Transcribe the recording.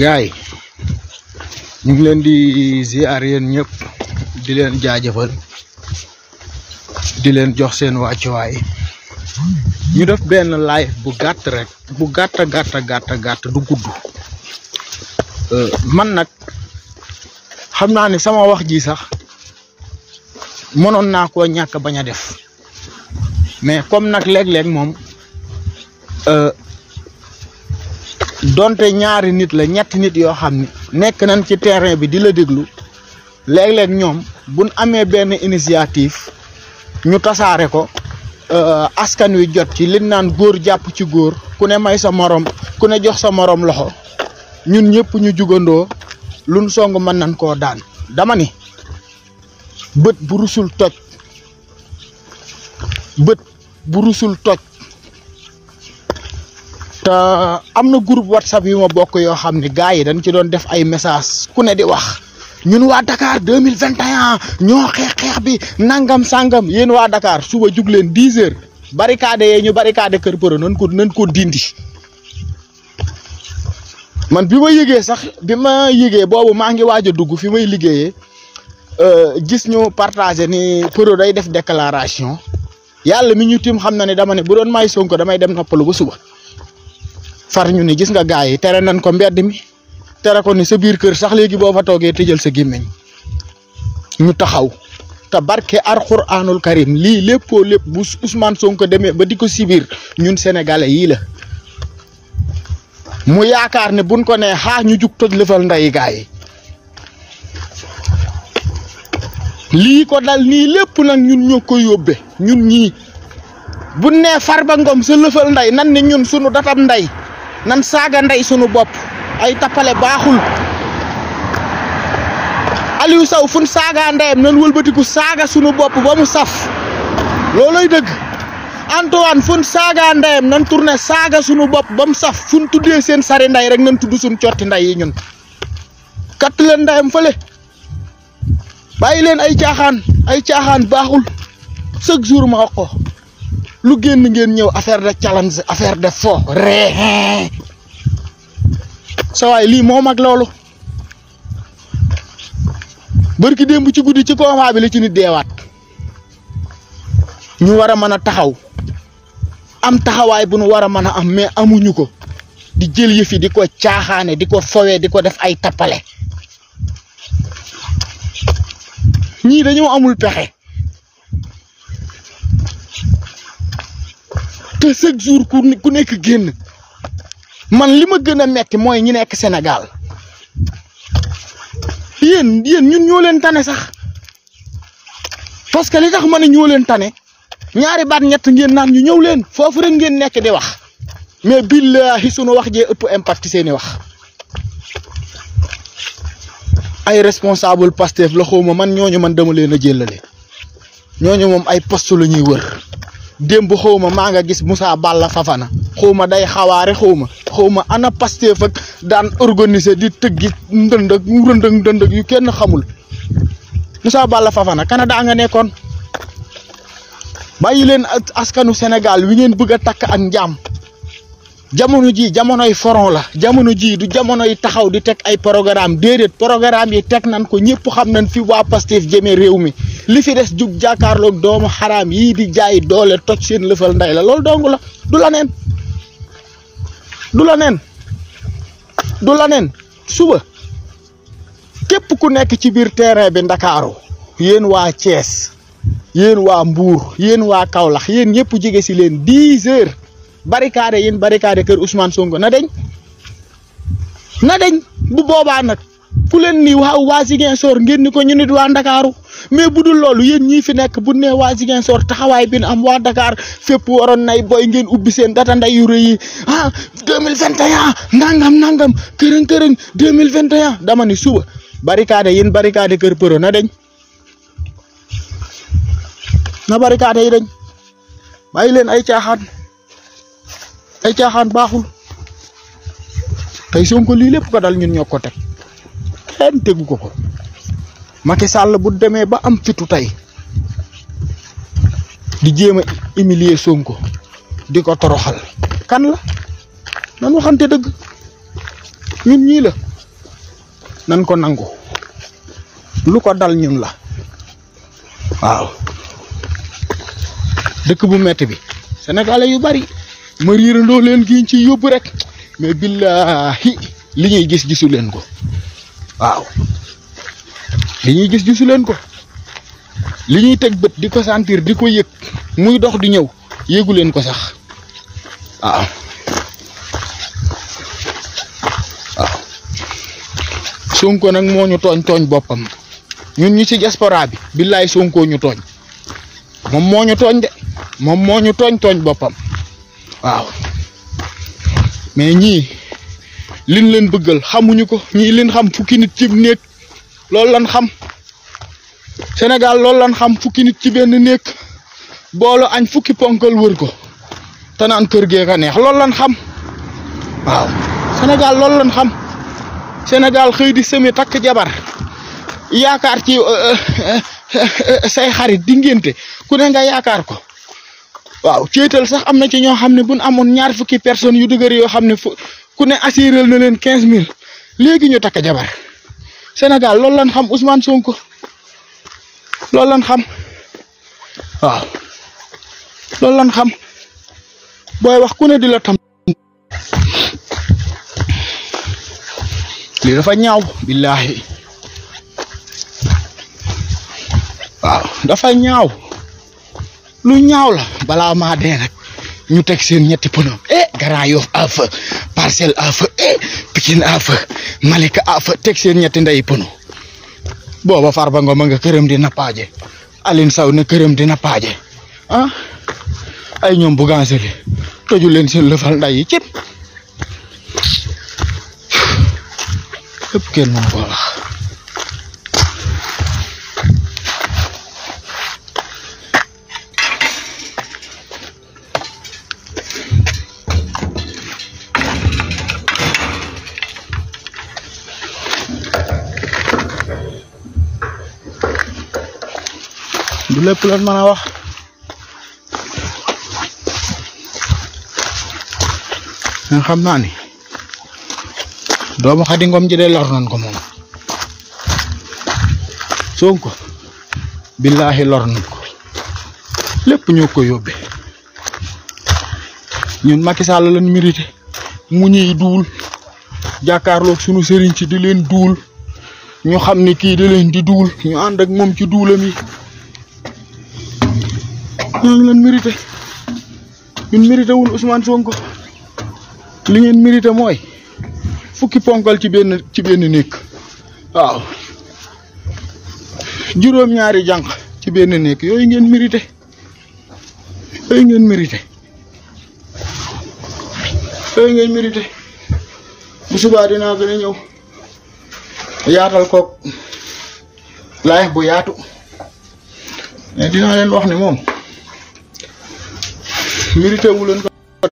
gaay ñu ngi leen di ziar ñëpp di leen jaajëfal di leen jox seen wàccuwaay ñu def benn live bu gàtt rek bu gàtt gàtt gàtt gàtt du gudd euh, man nag xam naa ne sama wax ji sax mënoon naa ko ñàkk bañ a def mais comme nag léeg-léeg moom euh, donte ñaari nit la ñetti nit yoo xam ni nekk nañ ci terrain bi di la déglu léeg-léeg ñoom buñ amee benn initiative ñu tasaare ko euh, askan wi jot ci liñ naan góor jàpp ci góor ku ne may sa morom ku ne jox sa moroom loxo ñun ñëpp ñu jugandoo luñ song mën nañ koo daan dama ni bët bu rusul toj bët bu rusul toj te am na groupe whatsapp yu ma bokk yoo xam ne gars yi dañ ci doon def ay message ku ne di wax ñun waa Dakar deux mille vingt et un ñoo xeex xeex bi nangam sangam yéen waa Dakar suba jug leen dix heures barricade yee ñu barikaade Kër Përe nañ ko nañ ko dindi. man bi ma yëgee sax bi ma yëgee boobu maa ngi waaj a dugg fi may liggéeyee euh, gis ñu partagé ni Përe day def déclaration yàlla mi ñu tim xam na ni dama ne bu doon may Sonko damay dem noppalu ba suba. far ñu ni gis nga gaa yi tere nañ ko mbedd mi tere ko ni sa biir kër sax léegi boo fa toogee tëjal sa gémmiñ ñu taxaw te barke alxuraanul karim lii léppoo lépp bu Ousmane Sonko demee ba di ko sibir ñun sénégalais yii la mu yaakaar ne buñ ko nee xaa ñu jug toj lëfal ndeyi gaa lii ko dal nii lépp nag ñun ñu ko yóbbe ñun ñii bu nee Farba Ngom sa lëfal ndey nan ni ñun sunu datam ndey nan saga nday sunu bop ay tapale baxul Aliou saw fun saga ndeyam nan wëlbatiku saga sunu bop ba mu saf lolay deug Antoine fun saga ndeyam nan tourner saga sunu bop ba saf fun tuddé sen sari nday rek nan tuddu sun corti nday yi ñun kat le ndeyam fele bayi len ay tiaxan ay tiaxan baxul lu génn ngeen ñëw affaire de challenge affaire de fo ree sa waay lii moom ak loolu bërki démb ci guddi ci combat bi la ci nit deewaat ñu war a mën a taxaw am taxawaay bu nu war a mën a am mais amuñu ko di jël yëf yi di ko caaxaane di ko fowee di ko def ay tappale ñii dañoo amul pexe te chaque jour ku nekk génn man li ma gën a metti mooy ñi nekk Sénégal yéen yéen ñun ñoo leen tane sax parce que li tax ma ne ñoo leen tane ñaari baat ñett ngeen naan ñu ñëw leen foofu rek ngeen nekk di wax mais billahi sunu wax jee ëpp impact seeni wax ay responsable Pastef la xaw ma man ñooñu man dama leen a jëllale ñooñu moom ay poste la ñuy wër démb xaw ma maa nga gis Moussa Balla Fafana xaw ma day xawaare xaw ma xaw ma ana Pastef ak daan organiser di tëggi ndënd ak ndëndëg ndëndëg yu kenn xamul Moussa Balla Fafana Canada nga nekkoon bàyyi leen askanu senegal wi ngeen bëgg a takk ak njaam. jamono ji jamonoy foron la jamono ji du jamonoy taxaw di teg ay programme déedéet programme yi teg nan ko ñëpp xam nañ fi waa Pastef jëmee réew mi li fi des jug jàkkaarloog doomu xaraam yii di jaay doole toj seen lëfal nday la loolu dong la du la neen du la neen du la neen suba képp ku nekk ci biir terrain bi ndakaaru yéen waa Thiès yéen waa Mbour yéen waa Kaolack yéen ñëpp jege si leen dix heures barricade yéen barricade kër Ousmane songo na deñ na deñ bu boobaa nag ku leen ni waaw waa Ziguinchor ngeen ni ko ñu nit waa Ndakaaru mais bu dul loolu yéen ñii fi nekk bu ne waa Ziguinchor taxawaay bi am waa Dakar fépp waroon nay booy ngeen ubbi seen data nday yu rëy yi ah 2021 nangam nangam kërëng kërëng 2021 dama ni suba barricade yéen barricade kër Përo na deñ na barricade yi dañ bàyyi leen ay caaxaan ay caaxaan baaxul tey Sonko lii lépp ko dal ñun ñoo ko teg kenn tegu ko ko Macky Sall bu demee ba am fitu tey di jéem a humilier Sonko di ko toroxal kan la nan waxante dëgg ñun ñii la nan ko nangu lu ko dal ñun la waaw dëkk bu metti bi sénégalais yu bari ma riirandoo leen gi ci yóbbu rek mais billaahi li ñuy gis gisu leen ko waaw li ñuy gis gisu leen ko li ñuy teg bët di ko sentir di ko yëg muy dox di ñëw yéegu leen ko sax waaw waaw Sonko nag moo ñu tooñ tooñ boppam ñun ñu ci diaspora bi billaay Sonko ñu tooñ moom moo ñu tooñ de moom moo ñu tooñ tooñ boppam waaw mais ñii liñ leen bëggal xamuñu ko ñii liñ xam fukki nit ci néeg loolu lan xam Sénégal loolu lan xam fukki nit ci benn néeg boolu añ fukki ponkal wër ko te naan kër gee ka neex loolu lan xam waaw Sénégal loolu lan xam Sénégal xëy di semi takk jabar yaakaar ci euh, euh, euh, say xarit di ngénte ku ne nga ko waaw féetal sax am na ci ñoo xam ne bun ñu amoon ñaar fukki personnes yu dëgër yoo xam ne fu ku ne assuré na leen quinze mille léegi ñu takk jabar Sénégal loolu lan xam Ousmane Sonko loolu lan xam waaw loolu xam booy wax ku ne di la dafa ñaaw billaahi waaw dafa ñaaw lu nyaw la bala ma de nak ñu tek seen ñetti pono eh Grand Yoff parcel feu eh Pikine alpha Malika alpha feu seen ñetti ndey pono booba Farba Ngom nga kërëm di napaje Aline saw ne kërëm di napaje ah ay ñom bu tujuh toju len seen lëfal nday yi kenn wax gila lan mën Yang wax nga xam naa ni doomu jadi lor nan ko sungku Sonko billaahi lor nan ko lépp ñoo ñun Macky Sall mérité mu ñuy sunu serinci ci dul, leen duul ñu xam ni di leen di ñu ak maa ngi leen mérité ñun mérité wul Ousmane Sonko li ngeen mérité mooy fukki ponkal ci benn ci benn néeg waaw juróom-ñaari jànq ci benn néeg yooyu ngeen mérité yooyu ngeen mérité yooyu ngeen mérité bu subaa dinaa gën a ñëw yaatal koog laay bu yaatu mais dinaa leen wax ne moom mérité :fra wu leen ko